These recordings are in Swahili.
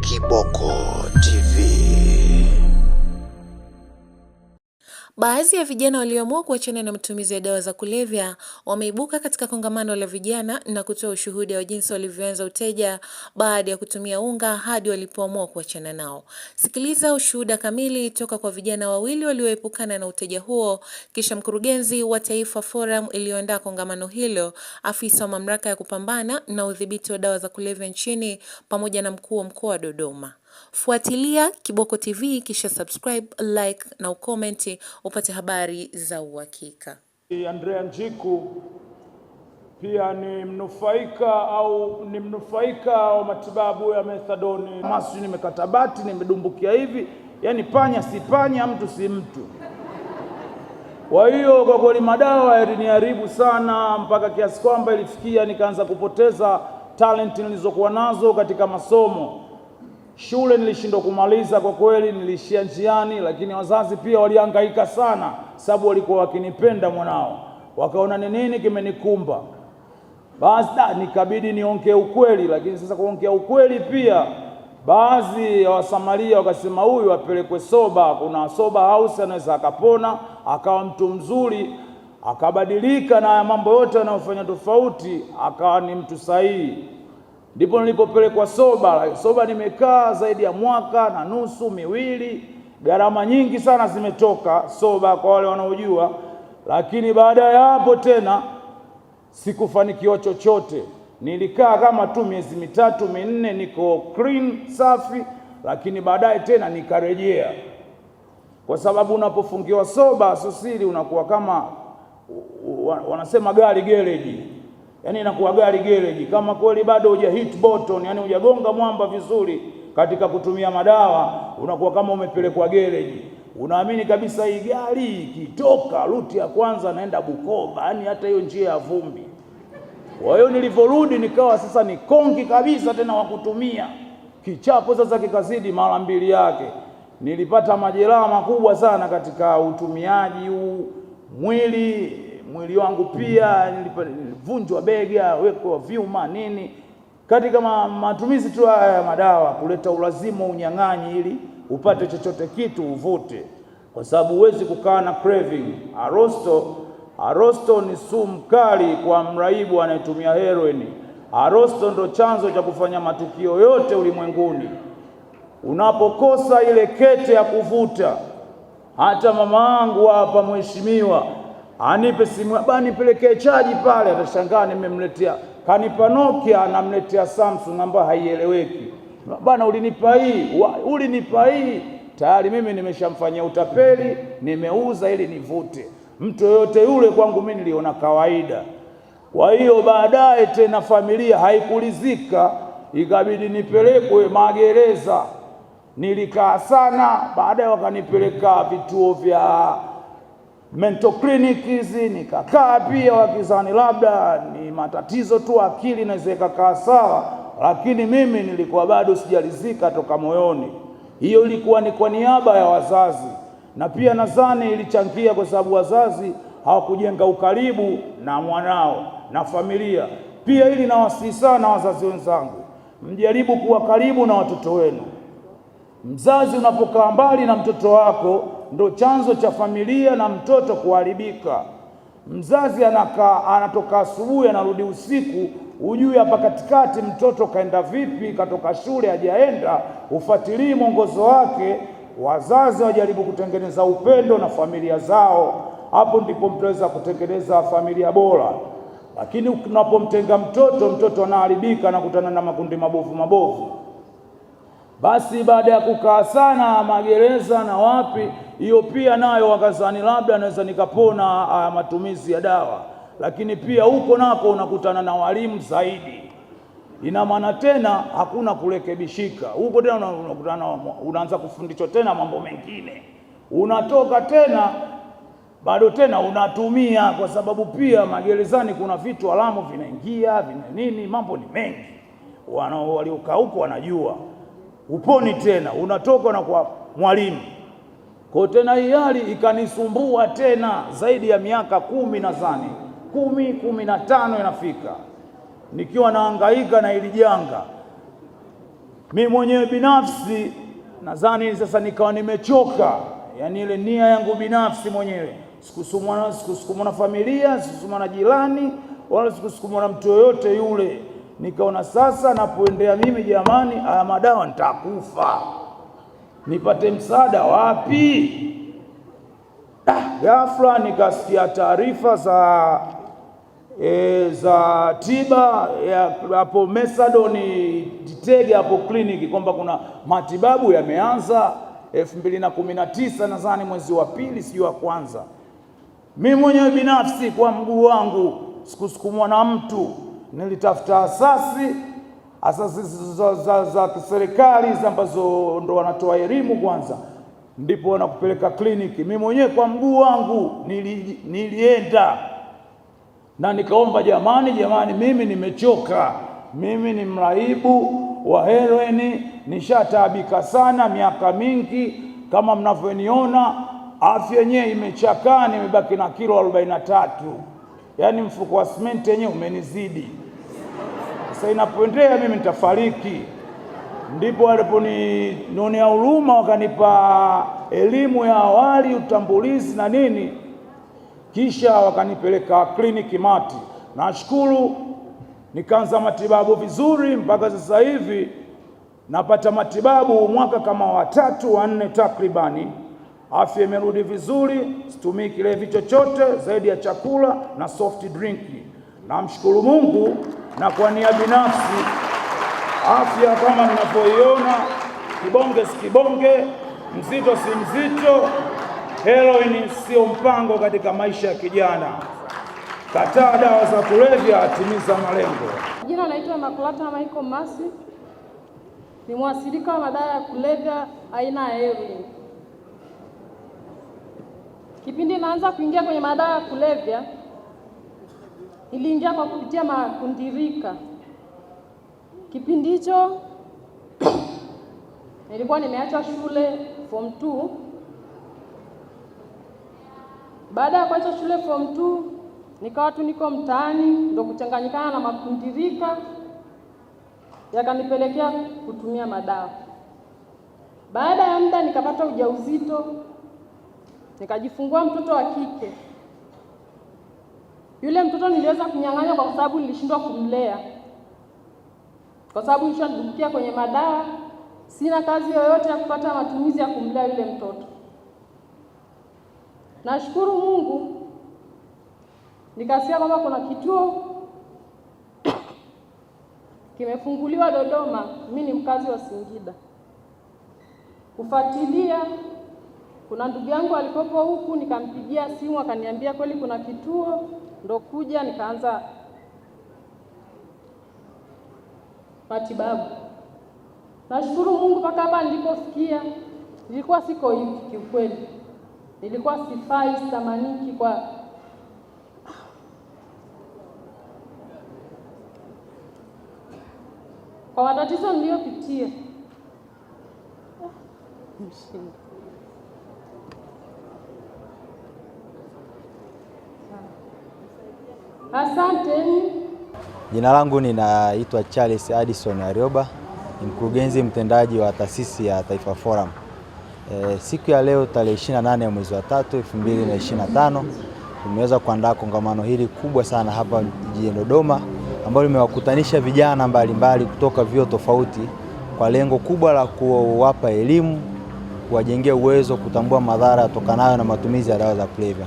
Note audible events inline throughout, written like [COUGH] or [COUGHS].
Kiboko TV. Baadhi ya vijana walioamua kuachana na matumizi ya dawa za kulevya wameibuka katika kongamano la vijana na kutoa ushuhuda wa jinsi walivyoanza uteja baada ya kutumia unga hadi walipoamua kuachana nao. Sikiliza ushuhuda kamili toka kwa vijana wawili walioepukana na uteja huo, kisha mkurugenzi wa Taifa Forum iliyoandaa kongamano hilo, afisa wa mamlaka ya kupambana na udhibiti wa dawa za kulevya nchini pamoja na mkuu wa mkoa wa Dodoma. Fuatilia Kiboko TV kisha subscribe, like na ukomenti upate habari za uhakika. Andrea Njiku pia ni mnufaika au ni mnufaika wa matibabu ya methadoni. Masi nimekata bati, nimedumbukia hivi, yaani panya si panya, mtu si mtu. Kwa hiyo kwa kweli madawa yaliniharibu sana, mpaka kiasi kwamba ilifikia nikaanza kupoteza talenti nilizokuwa nazo katika masomo. Shule nilishindwa kumaliza kwa kweli, nilishia njiani, lakini wazazi pia walihangaika sana, sababu walikuwa wakinipenda mwanao, wakaona ni nini kimenikumba. Basi nikabidi niongee ukweli, lakini sasa kuongea ukweli pia baadhi ya Wasamaria wakasema huyu apelekwe soba, kuna soba house, anaweza akapona akawa mtu mzuri akabadilika na mambo yote anayofanya tofauti, akawa ni mtu sahihi ndipo nilipopelekwa Soba. Soba nimekaa zaidi ya mwaka na nusu miwili, gharama nyingi sana zimetoka Soba kwa wale wanaojua, lakini baada ya hapo tena sikufanikiwa chochote. Nilikaa kama tu miezi mitatu minne, niko clean safi, lakini baadaye tena nikarejea, kwa sababu unapofungiwa soba sosiri unakuwa kama wanasema gari gereji yani inakuwa gari gereji, kama kweli bado huja hit button, yani hujagonga mwamba vizuri katika kutumia madawa, unakuwa kama umepelekwa gereji. Unaamini kabisa hii gari ikitoka ruti ya kwanza naenda Bukoba, yani hata hiyo njia ya vumbi. Kwa hiyo nilivyorudi nikawa sasa ni konki kabisa tena wa kutumia kichapo, sasa kikazidi mara mbili yake. Nilipata majeraha makubwa sana katika utumiaji huu mwili mwili wangu pia nilivunjwa bega, wekwa vyuma nini, katika matumizi tu haya ya madawa kuleta ulazimu unyang'anyi, ili upate chochote kitu uvute, kwa sababu huwezi kukaa na craving. Arosto, arosto ni sumu kali kwa mraibu anayetumia heroini. Arosto ndo chanzo cha kufanya matukio yote ulimwenguni. Unapokosa ile kete ya kuvuta, hata mama yangu hapa mheshimiwa anipe simu baba, nipelekee chaji pale. Atashangaa nimemletea, kanipa Nokia anamletea Samsung ambayo haieleweki. bana ulinipa hii, ulinipa hii. Tayari mimi nimeshamfanyia utapeli, nimeuza ili nivute mtu yoyote yule. Kwangu mimi niliona kawaida. Kwa hiyo baadaye tena familia haikulizika, ikabidi nipelekwe magereza. Nilikaa sana, baadaye wakanipeleka vituo vya mental clinic hizi nikakaa pia, wakizani labda ni matatizo tu, akili naweza ikakaa sawa, lakini mimi nilikuwa bado sijalizika toka moyoni. Hiyo ilikuwa ni kwa niaba ya wazazi, na pia nadhani ilichangia kwa sababu wazazi hawakujenga ukaribu na mwanao na familia. Pia ili nawasihi sana wazazi wenzangu, mjaribu kuwa karibu na watoto wenu. Mzazi unapokaa mbali na mtoto wako ndo chanzo cha familia na mtoto kuharibika. Mzazi anakaa anatoka asubuhi anarudi usiku, hujui hapa katikati mtoto kaenda vipi, katoka shule hajaenda, ufuatilii mwongozo wake. Wazazi wajaribu kutengeneza upendo na familia zao, hapo ndipo mtaweza kutengeneza familia bora. Lakini unapomtenga mtoto, mtoto anaharibika, anakutana na makundi mabovu mabovu. Basi baada ya kukaa sana magereza na wapi, hiyo pia nayo wakazani labda naweza nikapona a, ah, matumizi ya dawa, lakini pia huko nako unakutana na walimu zaidi. Ina maana tena hakuna kurekebishika huko tena, unakutana unaanza kufundishwa tena mambo mengine, unatoka tena bado tena unatumia, kwa sababu pia magerezani kuna vitu alamu vinaingia vina nini, mambo ni mengi, waliokaa huko wanajua uponi tena, unatoka na kwa mwalimu kwa tena. Hii hali ikanisumbua tena zaidi ya miaka kumi nadhani kumi kumi na tano inafika, nikiwa naangaika na ili janga mi mwenyewe binafsi nadhani sasa nikawa nimechoka, yaani ile nia yangu binafsi mwenyewe, sikusukumwa na familia, sikusukumwa na jirani, wala sikusukumwa na mtu yoyote yule. Nikaona sasa napoendea mimi, jamani, haya madawa nitakufa, nipate msaada wapi? Ah, ghafla nikasikia taarifa za e, za tiba hapo Mesadoni Titege hapo kliniki kwamba kuna matibabu yameanza elfu mbili na kumi na tisa nadhani mwezi wa pili sio wa kwanza. Mimi mwenyewe binafsi kwa mguu wangu sikusukumwa na mtu nilitafuta asasi asasi za, za, za kiserikali ambazo ndo wanatoa elimu kwanza, ndipo wanakupeleka kliniki. Mimi mwenyewe kwa mguu wangu nili, nilienda na nikaomba, jamani, jamani, mimi nimechoka, mimi ni mraibu wa heroini, nishataabika sana miaka mingi, kama mnavyoniona afya yenyewe imechakaa, nimebaki na kilo arobaini na tatu, yaani mfuko wa simenti yenyewe umenizidi sasa inapoendelea mimi nitafariki. Ndipo waliponionea huruma, wakanipa elimu ya awali, utambulizi na nini, kisha wakanipeleka kliniki Mati. Nashukuru nikaanza matibabu vizuri, mpaka sasa hivi napata matibabu mwaka kama watatu wa nne takribani. Afya imerudi vizuri, situmii kilevi chochote zaidi ya chakula na soft drink. Namshukuru Mungu na kwa nia binafsi, afya kama mnavyoiona, kibonge si kibonge, mzito si mzito, heroin sio mpango katika maisha ya kijana. Kataa dawa za kulevya, atimiza malengo. Jina naitwa Makulata Michael Masi, ni mwasilika wa madawa ya kulevya aina ya heroin. Kipindi naanza kuingia kwenye madawa ya kulevya iliingia kwa kupitia makundirika. Kipindi hicho [COUGHS] nilikuwa nimeacha shule form 2. Baada ya kuacha shule form 2, nikawa tu niko mtaani, ndo kuchanganyikana na makundirika yakanipelekea kutumia madawa. Baada ya muda nikapata ujauzito, nikajifungua mtoto wa kike. Yule mtoto niliweza kunyang'anya kwa sababu nilishindwa kumlea, kwa sababu nisha nitumbukia kwenye madawa. Sina kazi yoyote ya kupata matumizi ya kumlea yule mtoto. Nashukuru Mungu nikasikia kwamba kuna kituo [COUGHS] kimefunguliwa Dodoma. Mimi ni mkazi wa Singida kufuatilia kuna ndugu yangu alikopo huku, nikampigia simu akaniambia kweli kuna kituo, ndo kuja nikaanza matibabu. Nashukuru Mungu mpaka hapa nilipofikia, nilikuwa siko hivi kiukweli, nilikuwa sifai, sitamaniki kwa kwa matatizo niliyopitia. Ah, Asante. Jina langu ninaitwa Charles Addison Arioba, ni mkurugenzi mtendaji wa taasisi ya Taifa Forum. E, siku ya leo tarehe 28 ya mwezi wa tatu 2025 tumeweza kuandaa kongamano hili kubwa sana hapa jijini Dodoma ambalo limewakutanisha vijana mbalimbali mbali kutoka vyuo tofauti kwa lengo kubwa la kuwapa elimu, kuwajengea uwezo, kutambua madhara yatokanayo na matumizi ya dawa za kulevya.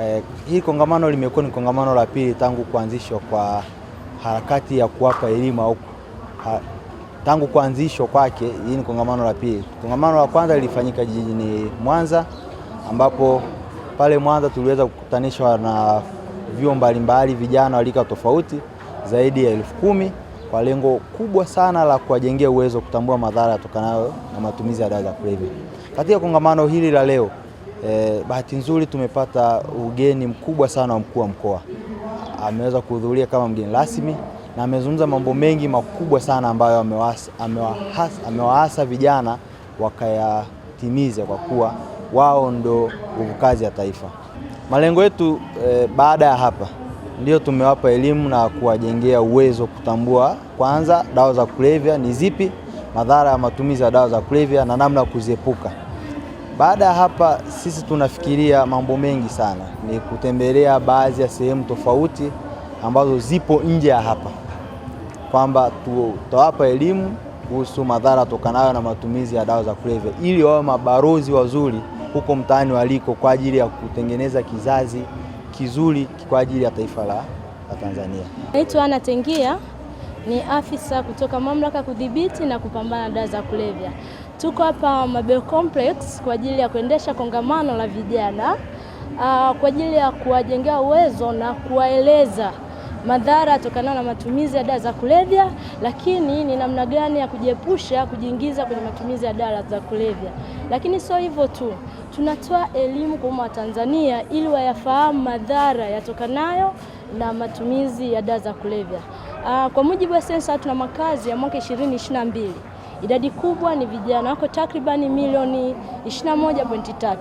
Eh, hii kongamano limekuwa ni kongamano la pili tangu kuanzishwa kwa harakati ya kuwapa elimu au tangu kuanzishwa kwake. Hii ni kongamano la pili. Kongamano la kwanza lilifanyika jijini Mwanza, ambapo pale Mwanza tuliweza kukutanishwa na vyuo mbalimbali, vijana walika tofauti zaidi ya elfu kumi kwa lengo kubwa sana la kuwajengea uwezo kutambua madhara yatokanayo na matumizi ya dawa za kulevya. Katika kongamano hili la leo Eh, bahati nzuri tumepata ugeni mkubwa sana wa mkuu wa mkoa, ameweza kuhudhuria kama mgeni rasmi na amezungumza mambo mengi makubwa sana ambayo amewaasa vijana wakayatimize, kwa kuwa wao ndo kazi ya taifa. Malengo yetu e, baada ya hapa ndio tumewapa elimu na kuwajengea uwezo kutambua kwanza dawa za kulevya ni zipi, madhara ya matumizi ya dawa za kulevya na namna ya kuziepuka. Baada ya hapa sisi tunafikiria mambo mengi sana, ni kutembelea baadhi ya sehemu tofauti ambazo zipo nje ya hapa, kwamba tutawapa elimu kuhusu madhara tokanayo na matumizi ya dawa za kulevya, ili wawe mabarozi wazuri huko mtaani waliko, kwa ajili ya kutengeneza kizazi kizuri kwa ajili ya taifa la Tanzania. Naitwa Ana Tengia, ni afisa kutoka mamlaka ya kudhibiti na kupambana na dawa za kulevya. Tuko hapa Mabel Complex kwa ajili ya kuendesha kongamano la vijana uh, kwa ajili ya kuwajengea uwezo na kuwaeleza madhara yatokanayo na matumizi ya dawa za kulevya, lakini ni namna gani ya kujiepusha kujiingiza kwenye matumizi ya dawa za kulevya. Lakini sio hivyo tu, tunatoa elimu kwa umma wa Tanzania ili wayafahamu madhara yatokanayo na matumizi ya dawa za kulevya. Uh, kwa mujibu wa sensa tuna makazi ya mwaka 2022 Idadi kubwa ni vijana, wako takribani milioni 21.3,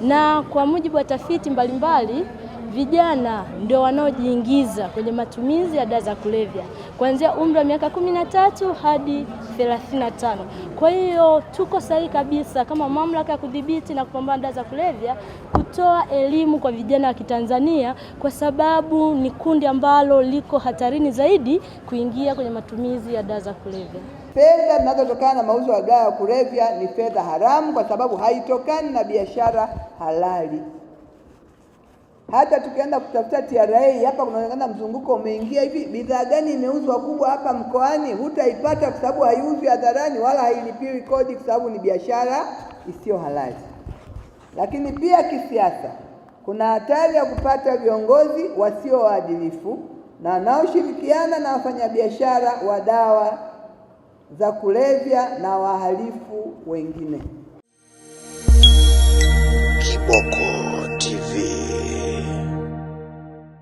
na kwa mujibu wa tafiti mbalimbali vijana ndio wanaojiingiza kwenye matumizi ya dawa za kulevya kuanzia umri wa miaka 13 hadi 35. Kwa hiyo tuko sahihi kabisa kama mamlaka ya kudhibiti na kupambana dawa za kulevya kutoa elimu kwa vijana wa Kitanzania kwa sababu ni kundi ambalo liko hatarini zaidi kuingia kwenye matumizi ya dawa za kulevya. Fedha zinazotokana na mauzo ya dawa ya kulevya ni fedha haramu, kwa sababu haitokani na biashara halali. Hata tukienda kutafuta TRA hapa, kunaonekana mzunguko umeingia hivi. Bidhaa gani imeuzwa kubwa hapa mkoani? Hutaipata kwa sababu haiuzwi hadharani wala hailipiwi kodi, kwa sababu ni biashara isiyo halali. Lakini pia kisiasa, kuna hatari ya kupata viongozi wasio waadilifu na wanaoshirikiana na wafanyabiashara wa dawa za kulevya na wahalifu wengine. Kiboko TV.